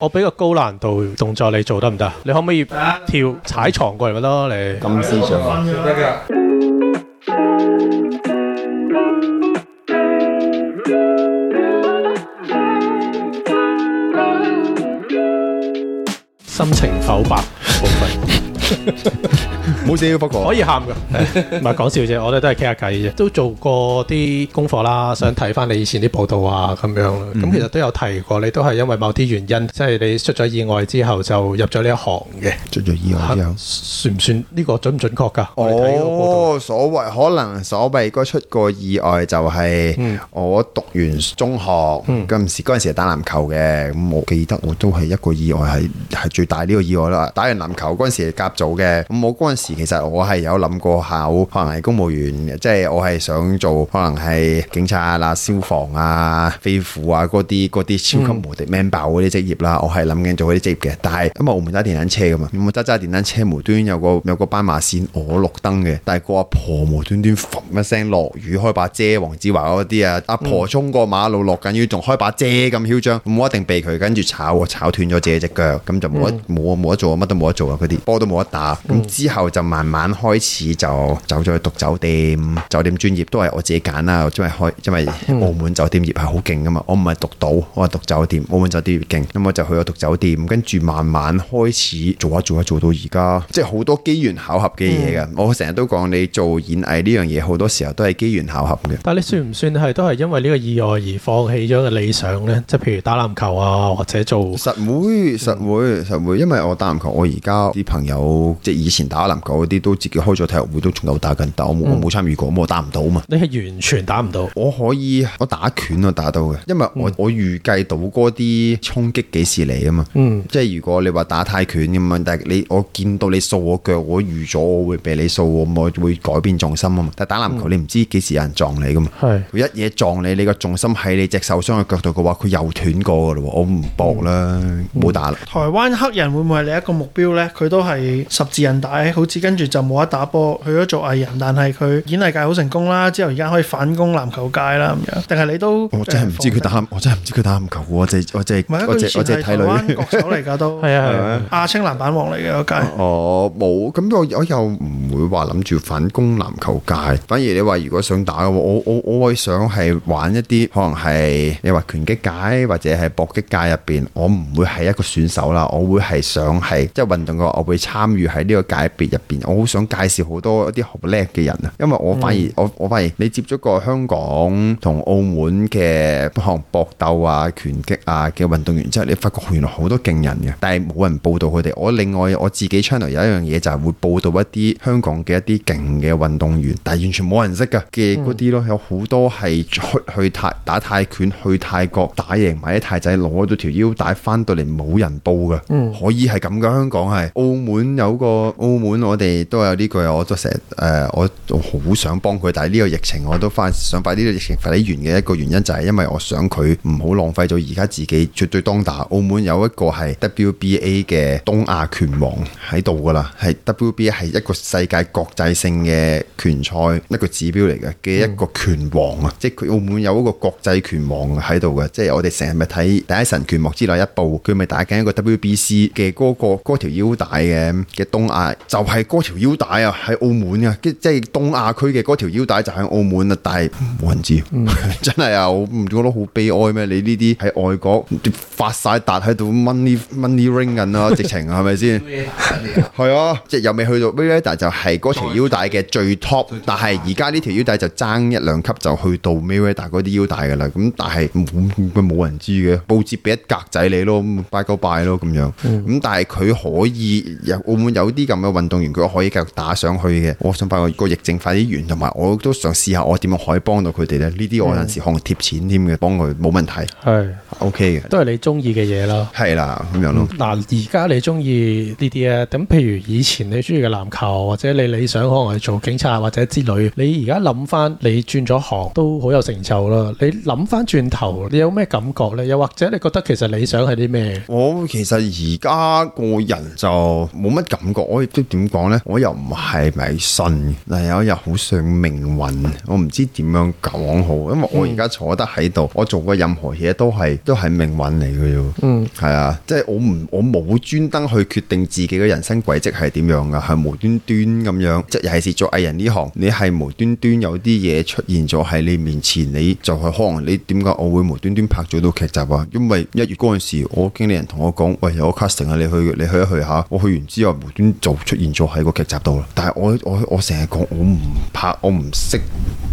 我俾個高難度動作，你做得唔得？你可唔可以跳踩床過嚟咪得囉，你。咁先生。深情剖白，好廢。 對啊音樂 好不容易。 唔好笑啦。 可以喊㗎，唔係講笑啫。我哋都係傾下偈啫 都做過啲功課啦,其實我係有諗過考，可能係公務員嘅，即係我係想做，可能係警察啦、消防啊、飛虎啊嗰啲、嗰啲超級無敵 man 爆嗰啲職業啦。我係諗緊做嗰啲職業嘅，但係因為我唔揸電單車㗎嘛，我揸揸電單車無端端有個有個斑馬線我綠燈嘅，但係個阿婆無端端嘭一聲落雨開把遮，黃子華嗰啲啊，阿婆衝過馬路落緊雨仲開把遮咁囂張，我一定避佢，跟住炒炒斷咗自己隻腳，咁就冇一冇冇得做，乜都冇得做啊，嗰啲波都冇得打，咁之後就。就慢慢開始就走咗去讀酒店，酒店專業都係我自己揀啦。因為開，因為澳門酒店業係好勁噶嘛，我唔係讀到，我係讀酒店。澳門酒店業勁，咁我就去咗讀酒店。跟住慢慢開始做一做一做一做到而家，即係好多機緣巧合嘅嘢嘅。嗯，我成日都講你做演藝呢樣嘢，好多時候都係機緣巧合嘅。但係你算唔算係都係因為呢個意外而放棄咗個理想呢？即係譬如打籃球啊，或者做實會實會實會，因為我打籃球，我而家啲朋友即係以前打籃球。嗰啲都自己開咗體育會，都仲有打緊。但我冇、嗯，我冇參與過，我打唔到啊嘛。你係完全打唔到。我可以我打拳都打到嘅，因為我、嗯、我預計到嗰啲衝擊幾時嚟啊嘛。嗯、即係如果你話打泰拳咁樣，但係你我見到你掃我腳，我預咗我會俾你掃，我會改變重心啊嘛。但係打籃球、嗯、你唔知幾時有人撞你噶嘛。佢一嘢撞你，你個重心喺你隻受傷嘅腳度嘅話，佢又斷過噶啦，我唔搏啦，冇、嗯、打啦。台灣黑人會唔會係你一個目標咧？佢都係十字韌帶好似。跟住就冇得打波，去咗做藝人，但係佢演藝界好成功啦。之後而家可以反攻籃球界啦，咁樣。定係你都？我真係唔知佢打，我真係唔知佢打籃球。我淨係我淨係我淨係睇女角手嚟噶都。係啊係啊，亞青籃板王嚟嘅嗰屆。哦，冇。咁我我又唔會話諗住反攻籃球界。反而你話如果想打嘅話，我我我會想係玩一啲可能係你話拳擊界或者係搏擊界入邊，我唔會係一個選手啦。我會係想係即係運動嘅，我會參與喺呢個界別入。我好想介紹好多一啲好叻嘅人啊，因為我反而、嗯、我我發現你接觸過香港同澳門嘅項搏鬥啊、拳擊啊嘅運動員之後，你發覺原來好多勁人嘅，但係冇人報道佢哋。我另外我自己 channel 有一樣嘢就係、是、會報道一啲香港嘅一啲勁嘅運動員，但係完全冇人識嘅嘅嗰啲咯，有好多係去去泰打，打泰拳去泰國打贏埋啲泰仔攞到條腰帶翻到嚟冇人報嘅、嗯，可以係咁嘅。香港係澳門有個澳門我。我哋都有呢句，我都成日誒，我好想幫佢，但係呢個疫情，我都快想快啲，呢個疫情快啲完嘅一個原因，就係、是、因為我想佢唔好浪費咗而家自己絕對當打。澳門有一個係 WBA 嘅東亞拳王喺度噶啦，係 WBA 係一個世界國際性嘅拳賽一個指標嚟嘅嘅一個拳王啊，嗯、即係佢澳門有一個國際拳王喺度嘅，即係我哋成日咪睇第一神拳幕之內一步，佢咪打緊一個 WBC 嘅嗰、嗰個嗰條腰帶嘅嘅東亞就係、是。嗰條腰帶啊，喺澳門啊，即係東亞區嘅嗰條腰帶就喺澳門啊。但係冇人知，嗯嗯、 真係啊！我唔覺得好悲哀咩？你呢啲喺外國發晒達喺度掹呢掹呢 ring 銀啊，直情係咪先？係 對吧 啊，即係又未去到 Mila，就係嗰條腰帶嘅最，最 top，但係而家呢條腰帶就爭一兩級就去到 Mila 嗰啲腰帶嘅啦。咁但係佢冇人知嘅，報紙俾一格仔你咯拜 y e g 咯咁樣。咁、嗯、但係佢可以澳門有會唔有啲咁嘅運動員？如果可以繼續打上去嘅，我想把我快個個疫症快啲完，同埋我都想試下我點樣可以幫到佢哋咧。呢啲我有陣時可能貼錢添嘅，幫佢冇問題。係，O K 嘅，都係你中意嘅嘢咯。係啦，咁樣咯。嗱，而家你中意呢啲咧？咁譬如以前你中意嘅籃球，或者你理想可能係做警察或者之類。你而家諗翻你轉咗行都好有成就啦。你諗翻轉頭，你有咩感覺咧？又或者你覺得其實理想係啲咩？我其實而家個人就冇乜感覺，我亦都點講。我又唔係迷信嗱，但係又好想命運，我唔知點樣講好，因為我而家坐得喺度，我做過任何嘢都係都係命運嚟嘅。嗯，是的，係啊，即係我唔我冇專登去決定自己嘅人生軌跡係點樣噶，係無端端咁樣。即係尤其是做藝人呢行，你係無端端有啲嘢出現咗喺你面前，你就係可能你點解我會無端端拍咗套劇集啊？因為一月嗰陣時，我經理人同我講，喂，有個 casting 啊，你去你去一去下，我去完之後無端就出現咗。喺個劇集度啦，但係我我我成日講我唔拍，我唔識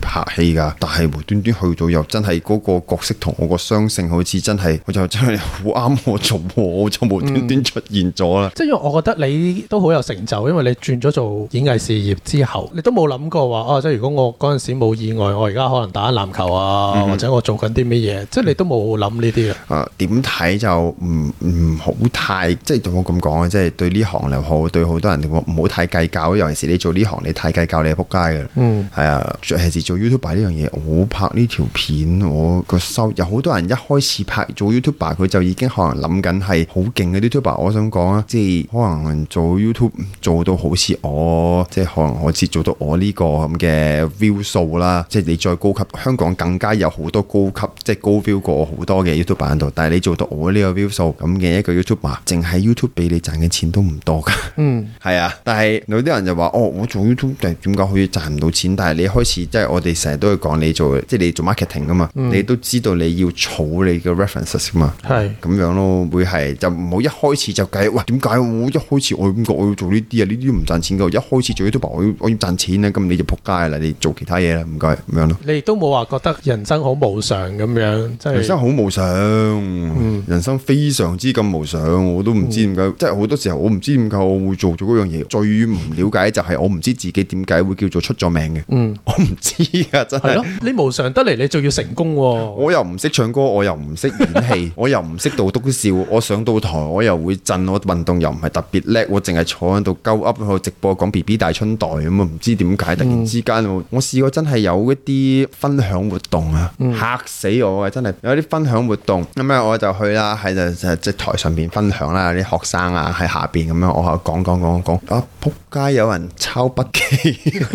拍戲㗎。但係無端端去到又真係嗰個角色同我個相性好似真係，我就真係好啱我做，我就無端端出現咗啦。即、嗯、係因為我覺得你都好有成就，因為你轉咗做演藝事業之後，你都冇諗過話啊，即係如果我嗰陣時冇意外，我而家可能打下籃球啊、嗯，或者我做緊啲乜嘢，即係你都冇諗呢啲嘅。啊，點睇就唔唔好太即係同我咁講啊，即係對呢行又好，對好多人我冇。太計較，尤其是你做呢行，你太計較，你係扑街嘅嗯，係啊，尤其是做 YouTuber 呢樣嘢，我拍呢條片，我個收有好多人一開始拍做 YouTuber 佢就已經可能諗緊係好勁嘅 YouTuber。我想講啊，即係可能做 YouTube 做到好似我，即係可能我至做到我呢個咁嘅 view 數啦。即係你再高級，香港更加有好多高級，即係高 view 過我好多嘅 YouTuber 度，但係你做到我呢個 view 數咁嘅一個 YouTuber, YouTube，淨係 YouTube 俾你賺嘅錢都唔多噶嗯，係啊，係有啲人就話哦，我做 YouTube 點解可以賺唔到錢？但係你開始即係我哋成日都會講你做，即係你做 marketing 噶嘛、嗯，你都知道你要儲你嘅 references 嘛，係咁樣咯，會係就唔好一開始就計，喂，點解我一開始我要這我要做呢啲啊？呢啲唔賺錢嘅，一開始做 YouTube 我要我要賺錢咧，咁你就仆街啦，你做其他嘢啦，唔該，咁樣咯。你亦都冇話覺得人生好無常咁樣，即係，人生好無常、嗯，人生非常之咁無常，我都唔知點解、嗯，即係好多時候我唔知點解我會做咗嗰樣嘢最唔了解就係我唔知自己點解會叫做出咗名嘅，嗯，我唔知啊，真係。係咯，你無常得嚟，你仲要成功、哦。我又唔識唱歌，我又唔識演戲， 我又唔識度篤笑。我上到台我又會震，我運動又唔係特別叻，我淨係坐喺度鳩噏去直播講 B B 大春代。咁啊！唔知點解突然之間、嗯，我試過真係有一啲分享活動啊，吓、嗯、死我啊！真係有啲分享活動咁啊、嗯，我就去啦，喺就即係台上邊分享啦，啲學生啊喺下邊咁樣，我講講講講講。撲街有人抄筆記，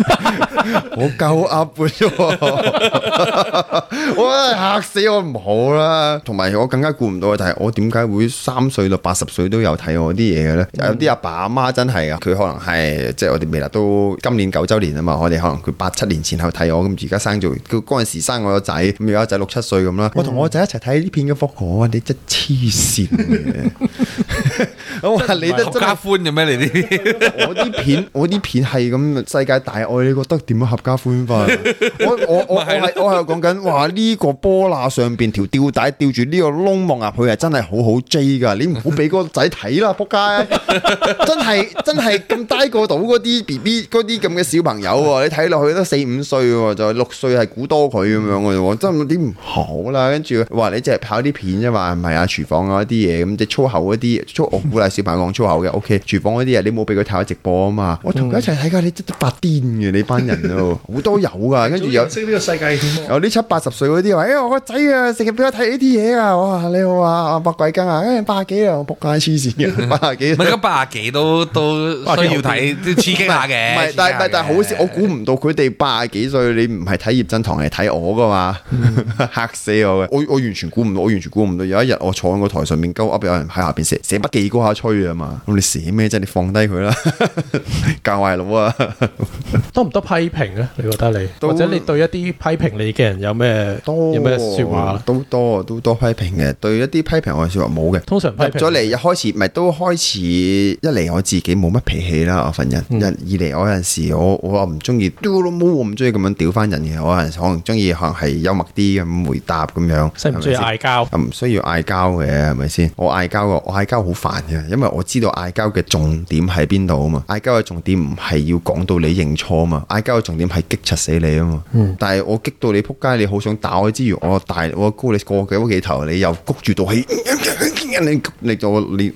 我夠噏啫，哇吓死我唔好啦！同埋我更加估唔到嘅就係我點解會三歲到八十歲都有睇我啲嘢嘅咧？有啲阿爸阿媽真係啊，佢可能係即係我哋未嚟到今年九周年啊嘛，我哋可能佢八七年前後睇我咁而家生咗，佢嗰陣時生我個仔咁而家仔六七歲咁啦，我同我仔一齊睇呢片嘅課，我話你真黐線 我話你都合家歡嘅咩你啲？ 啲片我啲片係咁世界大愛，你覺得點樣合家歡快？ 我 我我係我係講緊話呢個波罅上邊條吊帶吊住呢個窿望入去係真係好好 J 噶，你唔好俾嗰個仔睇啦，仆街！ 真係真係咁低個度嗰啲 BB 嗰啲咁嘅小朋友，你睇落去都四五歲喎，就六歲係估多佢咁樣嘅，真係有啲唔好啦。跟住話你淨係拍啲片啫嘛，係咪啊？廚房嗰啲嘢咁即粗口嗰啲粗，我鼓勵小朋友講粗口嘅，OK？廚房嗰啲嘢，你唔好俾佢睇直播。我啊嘛，我同佢一齊睇噶，你真真發癲嘅你班人啊，好多有噶，跟住有識呢個世界添，有啲七八十歲嗰啲話，哎呀我個仔啊，成日俾我睇呢啲嘢啊，我話你好啊，百鬼更啊，跟住八幾啊，仆街黐線嘅，八廿幾，而家八廿幾，幾都都需要睇，都刺激下嘅，唔但係但係好似，我估唔到佢哋八廿幾歲，你唔係睇葉真堂，係睇我噶嘛，吓、嗯、死我我我完全估唔到，我完全估唔到，有一日我坐喺個台上面，鳩噏，有人喺下邊寫寫筆記嗰下吹啊嘛，咁你寫咩啫，你放低佢啦。 教壞佬啊，多唔多批評啊？你覺得你或者你對一啲批評你嘅人有咩有咩說話？都多，都多批評嘅。對一啲批評我嘅說話冇嘅，通常批評入咗嚟一開始，唔係都開始一嚟我自己冇乜脾氣啦，我份人。嗯、二嚟我有陣時我我唔中意嘟嚕冇，唔中意咁樣屌翻人嘅。我有陣時可能中意，可能係幽默啲咁回答咁樣，即係唔中意嗌交，唔需要嗌交嘅係咪先？我嗌交嘅，我嗌交好煩嘅，因為我知道嗌交嘅重點喺邊度啊嘛。嗌交嘅重點唔係要講到你認錯嘛，嗌交嘅重點係激柒死你啊嘛。嗯、但係我激到你扑街，你好想打我之餘，我大我高你過幾多幾頭，你又谷住到氣、嗯嗯嗯，你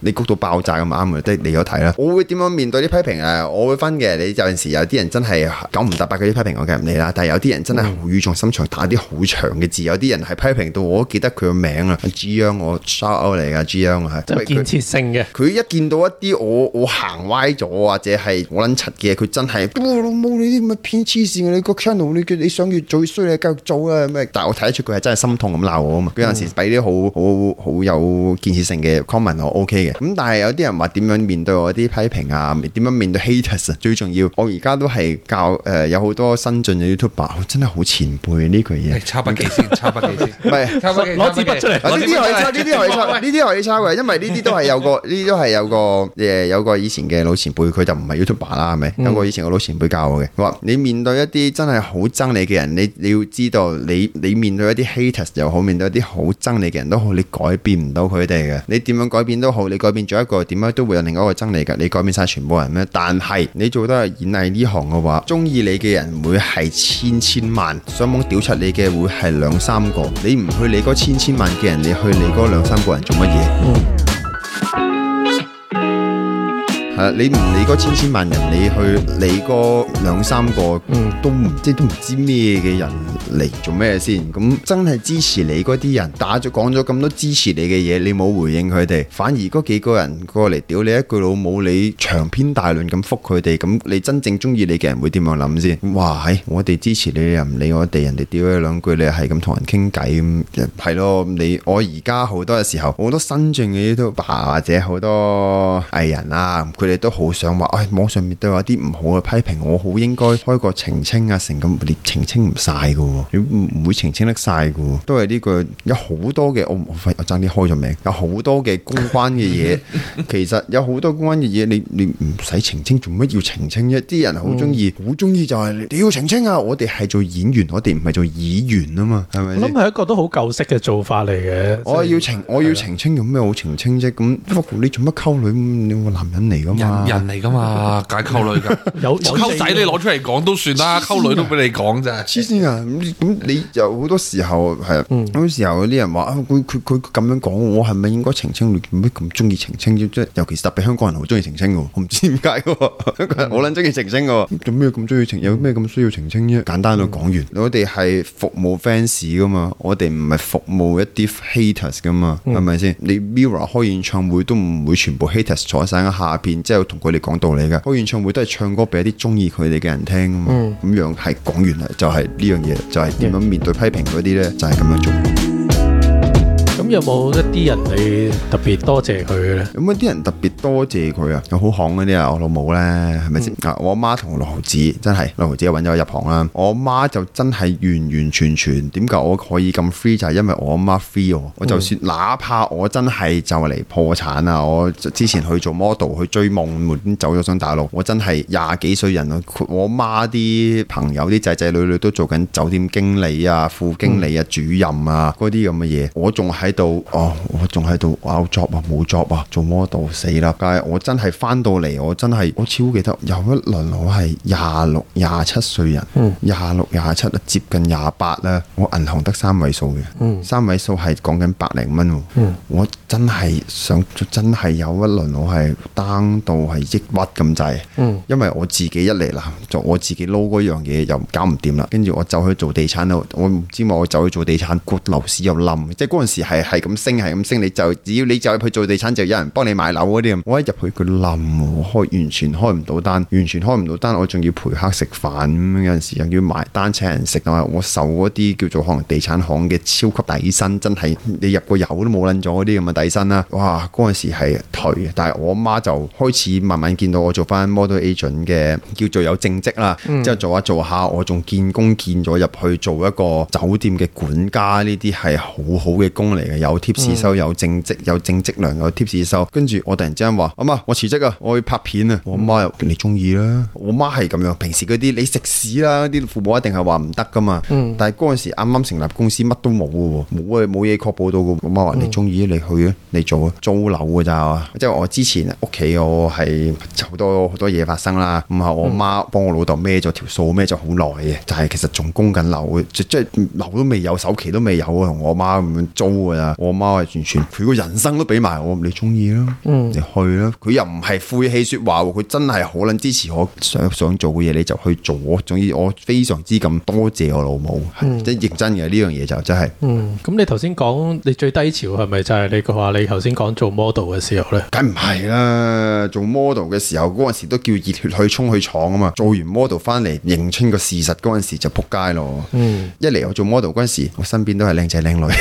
你谷到爆炸咁啱嘅，即你有睇啦。我會點樣面對啲批評啊？我會分嘅，你有陣時候有啲人真係九唔搭八嘅啲批評我夾唔嚟啦，但係有啲人真係語重心長，打啲好長嘅字，有啲人係批評到我都記得佢個名啊。G Young，我 shout out 嚟噶，G Young 係即係建設性嘅。佢一見到一啲我我行歪咗啊！或者係我撚柒嘅，佢真係、哦、老母你啲咁嘅偏黐線嘅，你個 channel 你道你，你想越做越衰，你繼續做啊？咩？但係我睇得出佢係真係心痛咁鬧我啊嘛！佢有陣時俾啲、嗯、好好好有建設性嘅 comment，我 OK 嘅。咁但係有啲人話點樣面對我啲批評啊？點樣面對 haters 啊？最重要，我而家都係教誒有好多新進嘅 YouTuber，真係好前輩。呢句嘢抄筆記先，抄筆記先，唔係攞支筆出嚟，呢啲可以抄，呢啲可以抄，呢啲可以抄嘅，因為呢啲都係有個，呢啲都係有個誒，有個以前嘅老前輩佢。就唔係 YouTuber 啦，係咪？嗯、有個以前我老前輩教我嘅，話你面對一啲真係好憎你嘅人，你你要知道，你你面對一啲 haters 又好，面對一啲好憎你嘅人都好，你改變唔到佢哋嘅。你點樣改變都好，你改變咗一個，點樣都會有另一個憎你嘅。你改變晒全部人咩？但係你做得係演藝呢行嘅話，中意你嘅人會係千千萬，上網屌柒你嘅會係兩三個。你唔去理嗰千千萬嘅人，你去理嗰兩三個人做乜嘢？嗯你唔理嗰千千萬人，你去理嗰兩三個、嗯、都唔知都唔知咩嘅人嚟做咩先？咁、嗯、真係支持你嗰啲人打咗講咗咁多支持你嘅嘢，你冇回應佢哋，反而嗰幾個人過嚟屌你一句老母，你長篇大論咁覆佢哋，咁你真正中意你嘅人會點樣諗先？哇，我哋支持你又唔理我哋，人哋屌你兩句你係咁同人傾偈咁係咯？你，你我而家好多嘅時候，好多新晉嘅 YouTuber 或者好多藝人啊佢哋都好想話，誒、哎，網上面都有一啲唔好嘅批評，我好應該開個澄清啊，成咁，你澄清唔晒噶，唔會澄清得晒噶，都係呢、這個有好多嘅，我我爭啲開咗名，有好多嘅公關嘅嘢， 其實有好多公關嘅嘢，你你唔使澄清，做乜要澄清啫？啲人好中意，好中意就係、是、要澄清啊！我哋係做演員，我哋唔係做議員啊嘛，係咪？諗係一個都好舊式嘅做法嚟嘅。我要澄、就是、我要澄清，有咩好澄清啫？咁，你做乜溝女？你個男人嚟人人嚟噶嘛，梗係溝女噶， 有溝仔你攞出嚟講都算啦，溝、啊、女都俾你講咋？黐線啊！咁你，你有好多時候係啊，好多、嗯、時候有啲人話啊，佢佢佢咁樣講，我係咪應該澄清？你做咩咁中意澄清啫？尤其是特別香港人好中意澄清嘅，我唔知點解個，香港人好撚中意澄清個。做咩咁中意澄清？有咩咁需要澄清啫？簡單到講完，嗯、我哋係服務 fans 噶嘛，我哋唔係服務一啲 haters 噶嘛，係咪先？你 Mirror 開演唱會都唔會全部 haters 坐曬喺下邊。即係同佢哋講道理㗎，開演唱會都係唱歌俾一啲中意佢哋嘅人聽啊嘛，咁、嗯、樣係講完啦，就係呢樣嘢，就係點樣面對批評嗰啲就係、是、咁樣做。咁有冇一啲人你特別多謝佢咧？有冇一啲人特別多謝佢啊，有好行嗰啲啊，我老母咧，係咪先啊？我阿媽同我六毫子真係六毫子搵咗我入行啦。我阿媽就真係完完全全點解我可以咁 free 就係因為我阿媽 free 我。我就算、嗯、哪怕我真係就嚟破產啊，我之前去做 model 去追夢，唔走咗上大陸。我真係廿幾歲人啊。我媽啲朋友啲仔仔女女都做緊酒店經理啊、副經理啊、嗯、主任啊嗰啲咁嘅嘢，我仲喺。到哦，我仲喺度作啊，冇作啊，做 model 死啦梗係！我真係翻到嚟，我真係我超記得有一輪我係廿六廿七歲人，廿六廿七接近廿八啦，我銀行得三位數嘅、嗯，三位數係講緊百零蚊。我真係想真係有一輪我係 down 到係抑鬱咁滯，因為我自己一嚟啦，就我自己撈嗰樣嘢又搞唔掂啦，跟住我就去做地產啦。我唔知我就去做地產，股樓市又冧，即係嗰陣時係。係咁升，係咁升，你就只要你就入去做地產，就有人幫你買樓嗰啲咁。我一入去佢冧，我開完全開唔到單，完全開唔到單，我仲要陪客食飯，有陣時又要埋單請人食啊！我，我受嗰啲叫做可能地產行嘅超級底薪，真係你入個油都冇撚咗嗰啲咁嘅底薪啦。哇！嗰陣時係頹，但係我媽就開始慢慢見到我做翻 model agent 嘅叫做有正職啦，之後做下做下，我仲見工見咗入去做一個酒店嘅管家呢啲係好好嘅工嚟有 t 士收，有正職，有正職糧，有 t 士收。跟住我突然之間話：，阿媽，媽，我辭職啊，我去拍片啊！我阿媽又你中意啦。我阿媽係咁樣，平時嗰啲你食屎啦，啲父母一定係話唔得噶嘛。嗯、但係嗰陣時啱啱成立公司，乜都冇嘅，冇冇嘢確保到我阿媽話：你中意你去咧，你做租樓嘅咋，嗯？即係我之前屋企，嗯，我係好多好多嘢發生啦。唔係我阿媽幫我老豆孭咗條數，孭咗好耐嘅，但係其實仲供緊樓，即、就、係、是、樓都未有，首期都未有啊。同我阿媽咁樣租啊。我媽係完全佢個人生都俾埋我，你中意啦，你去啦。佢、嗯、又唔係晦氣說話，佢真係可能支持我。想想做嘅嘢，你就去做，我總之我非常之咁多謝我老母，即、嗯、認真嘅，呢樣嘢就真、是、係。咁、嗯、你頭先講，你最低潮係咪就係你話你頭先講做 model 嘅時候呢？梗唔係啦，做 model 嘅時候嗰陣時都叫熱血去衝去闖啊嘛。做完 model 翻嚟認清個事實嗰陣時候就仆街咯。嗯、一嚟我做 model 嗰陣時候，我身邊都係靚仔靚女，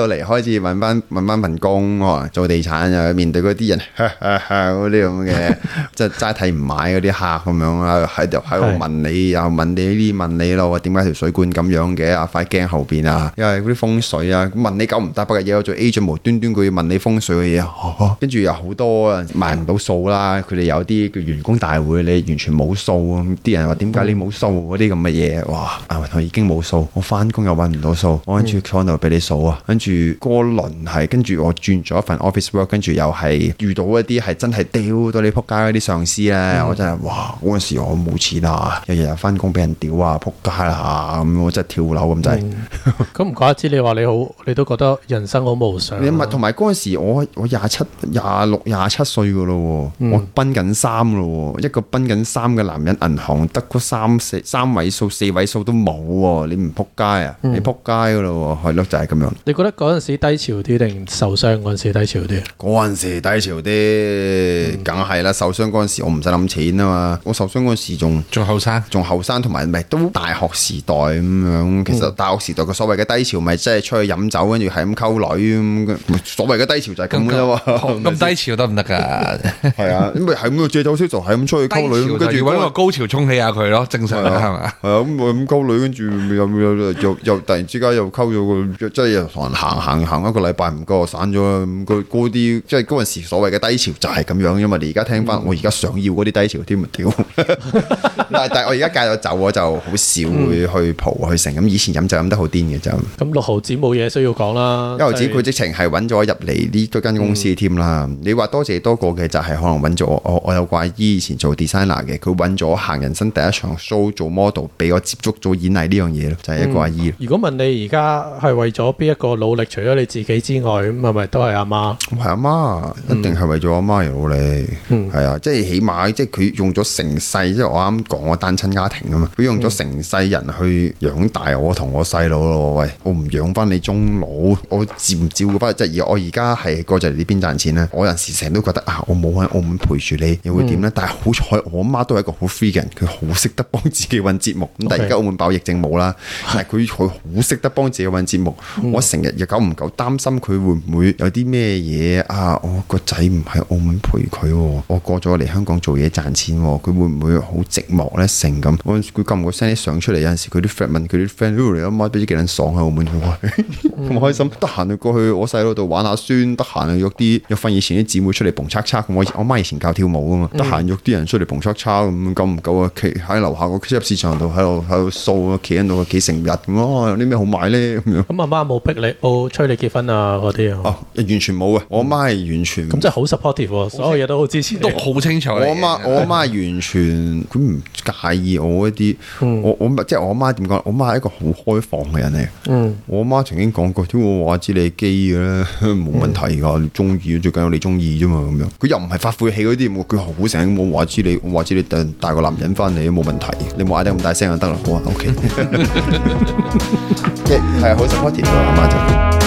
到嚟開始揾翻揾翻份工，做地產呀，面對嗰啲人嗰啲咁嘅，即係齋睇唔買嗰啲客咁樣啊，喺度喺度問你又問你呢啲，問你咯，點解條水管咁樣嘅啊？塊鏡後邊啊，因為嗰啲風水啊，問你九唔搭八嘅嘢。我做 agent 無端端佢要問你風水嘅嘢，跟、啊、住、啊、有好多賣唔到數啦。佢哋有啲叫員工大會，你完全冇數，啲人話點解你冇數嗰啲咁嘅嘢？哇！阿雲台已經冇數，我翻工又揾唔到數，我喺處坐喺度俾你數啊，跟、嗯、住。跟住嗰輪係，跟住我轉咗一份 office work，跟住又係遇到一啲係真係屌到你仆街嗰啲上司咧，嗯、我真係哇！嗰陣時我冇錢啊，日日又翻工俾人屌啊，仆街啦、啊，咁我真係跳樓咁滯。咁、嗯、唔、嗯、 怪得知你話你好，你都覺得人生好無常、啊你。你咪同埋嗰陣時我，我 27, 26, 27、嗯、我廿七、廿六、廿七歲噶咯，我奔緊三咯，一個奔緊三嘅男人銀行，銀行得三四三位數、四位數都冇，你唔仆街啊？你仆街噶咯，係咯，就係咁樣。你覺得？嗰陣時低潮啲定受傷嗰陣時低潮啲？嗰陣時低潮啲，梗係啦！受傷嗰陣時我唔使諗錢啊嘛，我受傷嗰陣時仲仲後生，仲後生，同埋咪都大學時代咁樣。其實大學時代嘅所謂嘅低潮咪即係出去飲酒，跟住係咁溝女咁。所謂嘅低潮就係咁嘅。咁低潮得唔得噶？係、嗯嗯、 啊，咪係咁借酒消愁，係咁出去溝女，跟住搵個高潮沖起下佢咯。正常係嘛？係啊，咁咁溝女，跟住又又又，又突然之間又溝咗個真係又煩行行行一個禮拜唔過散咗，佢嗰啲即係嗰陣時所謂嘅低潮就係咁樣，因為你而家聽翻、嗯，我而家想要嗰啲低潮添啊屌！但係我而家戒咗酒，我就好少會、嗯、去蒲去成。咁以前飲就飲得好癲嘅就。咁六毫子冇嘢需要講啦。六毫子佢直情係揾咗入嚟呢間公司添啦、嗯。你話多謝多個嘅就係可能揾咗我，我有個阿姨以前做 designer 嘅，佢揾咗行人生第一場 show 做 model，俾我接觸咗演藝呢樣嘢咯，就係、是、一個阿姨。嗯、如果問你而家係為咗邊一個老？努力除咗你自己之外，咁係咪都係阿媽？係阿媽，一定係為咗阿媽而努力。嗯，係啊，即係起碼，即係佢用咗成世，即係我啱講，我單親家庭啊嘛，佢用咗成世人去養大我同我細佬咯。喂，我唔養翻你中老，我照唔照顧翻？即係而我而家係過就嚟呢邊賺錢咧，我有時成日都覺得啊，我冇喺澳門陪住你，又會點咧、嗯？但係好彩，我阿媽都係一個好 free 嘅人，佢好識得幫自己搵節目。咁但係而家澳門爆疫症冇啦，但係佢佢好識得幫自己搵節目，嗯、我成日。又久唔久，擔心佢會唔會有啲咩嘢啊？我個仔唔喺澳門陪佢，我過咗嚟香港做嘢賺錢，佢會唔會好寂寞咧？成咁，我佢撳個聲啲相出嚟，有陣時佢啲 friend 問佢啲 friend：，你阿媽不知幾撚爽喺澳門，咁、哎嗯、開心。得閒去過去我細佬度玩下孫，得閒約啲約返以前啲姊妹出嚟蹦叉叉，咁我我媽以前教跳舞㗎嘛，得閒約啲人出嚟蹦叉叉，咁、嗯。咁、嗯、唔夠啊！企喺樓下個超級市場度喺度喺度掃，企喺度幾成日咁啊！有啲咩好買咧？咁樣咁阿、嗯、媽冇逼你。催你結婚啊、嗰啲啊，哦完全冇啊。我媽係完全咁即係好 supportive，所有嘢都好支持，都好清楚。我媽我媽係完全介意我一啲，我我即係我阿媽點講，我阿媽係一個好開放嘅人嚟、嗯。我阿媽曾經講過，都我話知你 gay 嘅咧，冇問題噶，中、嗯、意最緊要你中意啫嘛，咁樣。佢又唔係發晦氣嗰啲，佢好醒，我話知你，我話知你帶個男人翻嚟都冇問題。你話得咁大聲就得啦，好啊，O K。係、OK, 啊、嗯， yeah, 好 support 阿媽就。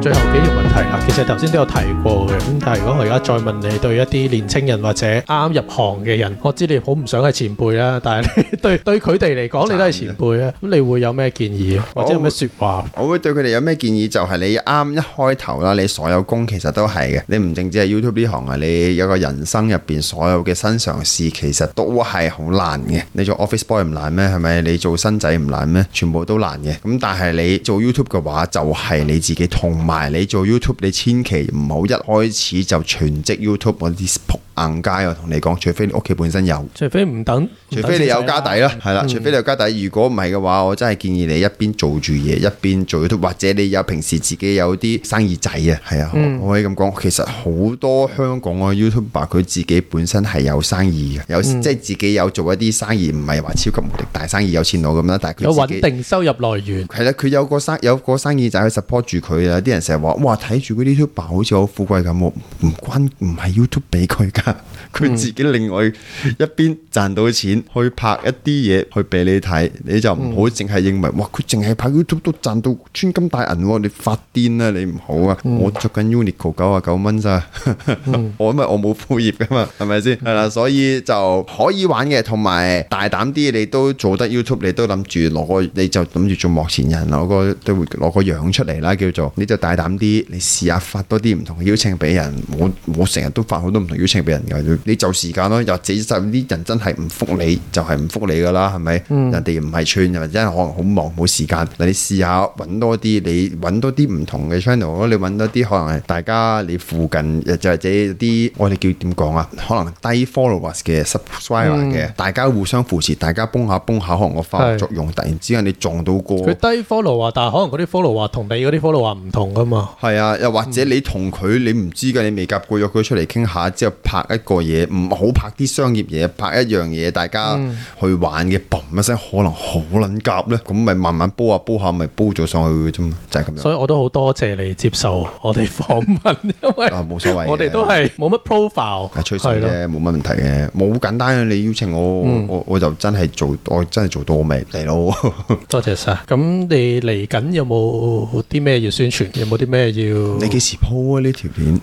最後幾條係啦，其實頭先都有提過嘅，咁但係如果我而家再問你，對一啲年青人或者啱啱入行嘅人，我知你好唔想係前輩啦，但係對對佢哋嚟講，你都係前輩啊，咁你會有咩建議，或者有咩說話？我會，我會對佢哋有咩建議，就係、是、你啱一開頭啦，你所有工其實都係嘅，你唔淨止係 YouTube 呢行啊，你有個人生入邊所有嘅新嘗試，其實都係好難嘅。你做 Office Boy 唔難咩？係咪？你做新仔唔難咩？全部都難嘅。咁但係你做 YouTube 嘅話，就係、是、你自己同埋你做 You。YouTube 你千祈唔好一開始就全職 YouTube 嗰啲撲硬街，我同你講，除非你屋企本身有，除非唔等，除非你有家底啦，係啦、嗯，除非你有家底。如果唔係嘅話，我真係建議你一邊做住嘢，一邊做 YouTube，或者你有平時自己有啲生意仔啊，係啊、嗯，我可以咁講。其實好多香港嘅 YouTuber 佢自己本身係有生意嘅，有即係、嗯即係、自己有做一啲生意，唔係話超級無敵大生意有錢佬咁啦，但係佢有穩定收入來源。係啦，佢有個生有個生意仔去 support 住佢啊！啲人成日話哇～睇住嗰啲 YouTube 好似好富貴咁，唔關，唔係 YouTube 俾佢噶，佢自己另外一邊賺到錢、嗯、去拍一啲嘢去俾你睇，你就唔好淨係認為，哇佢淨係拍 YouTube 都賺到穿金戴銀，你發癲啊你，唔好啊！我著緊 Uniqlo 九啊九蚊咋，我、嗯、 因為我冇副業噶嘛，係咪先？係啦，所以就可以玩嘅，同埋大膽啲，你都做得 YouTube，你都諗住攞個，你就諗住做幕前人，攞個都會攞個樣出嚟啦，叫做你就大膽啲。試下發多啲唔同嘅邀請俾人，我我成日都發好多唔同邀請俾人噶。你就時間咯，又或者啲人真係唔覆你，就係、是、唔覆你噶啦，係咪、嗯？人哋唔係串，又或者可能好忙冇時間。你試下搵多啲，你搵多啲唔同嘅 channel 你搵多啲可能係大家你附近，就或者啲我哋叫點講啊？可能低 followers 嘅 subscriber 嘅，大家互相扶持，大家幫下幫下，可能我發揮作用。突然之間你撞到個，佢低 follower 但係可能嗰啲 follower 同你嗰啲 follower 唔同噶嘛。係啊。又或者你同佢，你唔知㗎，你未夾過，約佢出嚟傾下，之後拍一個嘢，唔好拍啲商業嘢，拍一樣嘢，大家去玩嘅，嘣一聲，可能好撚夾咧，咁咪慢慢煲下煲下，咪煲咗上去嘅啫，就係、是、咁樣。所以我都好多謝你接受我哋訪問， 因為 profile，啊，冇所謂，我哋都係冇乜 profile，係吹水冇乜問題嘅，冇簡單嘅。你邀請我，我、嗯、我就真係做，我真係做到尾嚟咯。多謝晒。咁 你嚟緊有冇啲咩要宣傳？有冇啲咩要？你幾時鋪啊？呢條片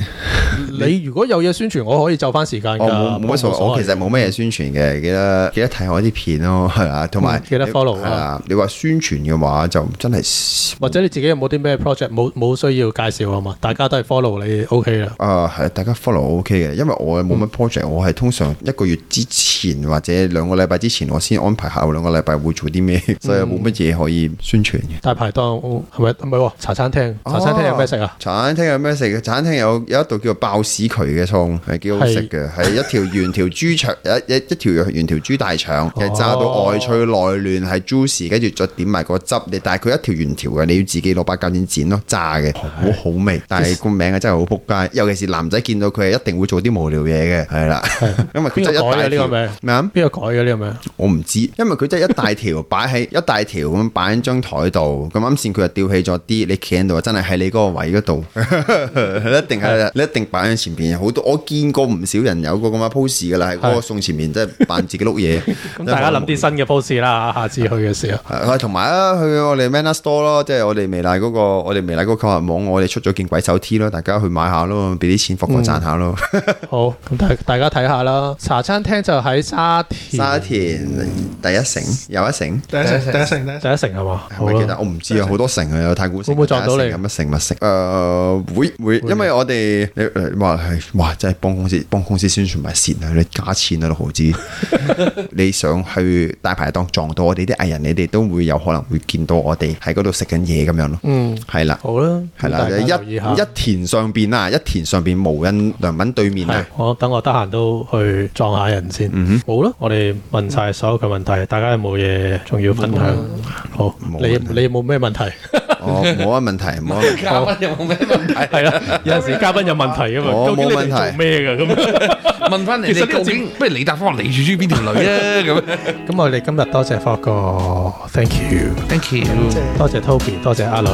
你如果有嘢宣傳，我可以就翻時間㗎。冇、哦、乜所謂，我其實冇咩嘢宣傳嘅，記得記得睇我啲片咯，係啊，同埋記得 follow。你話宣傳嘅話，就真係或者你自己有冇啲咩 project？冇冇需要介紹啊嘛？大家都係 follow 你 OK 啦。啊、呃，大家 follow OK 嘅，因為我冇乜 project，、嗯、我係通常一個月之前或者兩個禮拜之前，我先安排下我兩個禮拜會做啲咩，嗯，所以冇乜嘢可以宣傳嘅。大排檔係咪唔係茶餐廳？茶餐廳有咩食啊？餐廳有咩食？餐廳有有一道叫做爆屎渠嘅餸，係幾好食嘅。係一條圓條豬腸， 一一一條圓條豬大腸，哦、其實炸到外脆內嫩，係 juicy，跟住再點埋個汁。你但係佢一條圓條嘅，你要自己攞把鉸剪剪咯，炸嘅，好好味。是但係個名啊，真係好仆街，尤其是男仔見到佢係一定會做啲無聊嘢嘅。係啦，因為佢真係一條。呢、呢個名？咩啊？邊度改嘅呢個名？我唔知，因為佢真係一大條擺喺 一大條咁擺喺張台度。咁啱先佢又吊起咗啲，你企喺度真係喺你嗰個位嗰度。 一定係你一定擺喺前邊，好多我見過唔少人有嗰個咁嘅 pose 噶啦，喺嗰個送前面即係扮自己碌嘢。咁大家諗啲新嘅 pose 啦，下次去嘅時候。同埋啊，去我哋 Manus Store 咯，即係我哋微娜嗰個我哋微娜嗰個購物網，我哋出咗件鬼手 T 咯，大家去買一下咯，俾啲錢霍哥賺下咯、嗯。好，咁大大家睇下啦。茶餐廳就喺沙田，沙田第一城，又一城，第一城，第一城，第一城係嘛？係咪叫？我唔知啊，好不知道城好多城啊，有太古城，有第一城，有乜城，乜城？誒。誒、呃，會會，因為我哋，啊、你話係，哇，真係幫公司幫公司宣傳埋錢啊，你加錢啊，都好啲。 你想去大排檔撞到我哋啲藝人，你哋都會有可能會見到我哋喺嗰度食緊嘢咁樣咯。嗯，係啦，好啦，係啦，一一田上面啊，一田上面無印良品對面啊。我等我得閒都去撞下人先。嗯哼，好啦，我哋問晒所有嘅問題，嗯，大家有冇嘢仲要分享？嗯，好，你你冇咩問題？ 冇、oh, 乜 問題，嘉賓有冇咩問題？係啦， 是啊、 有陣時嘉賓有問題啊嘛，我冇問題。咩噶咁？ 問翻回你 究竟， 不如李達方，你住住邊條女啊？咁 咁 我哋今日多謝霍哥，thank you，thank you，多謝 Toby，多謝阿倫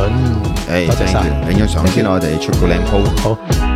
，hey, 多謝晒影咗相先我，我哋出個靚鋪。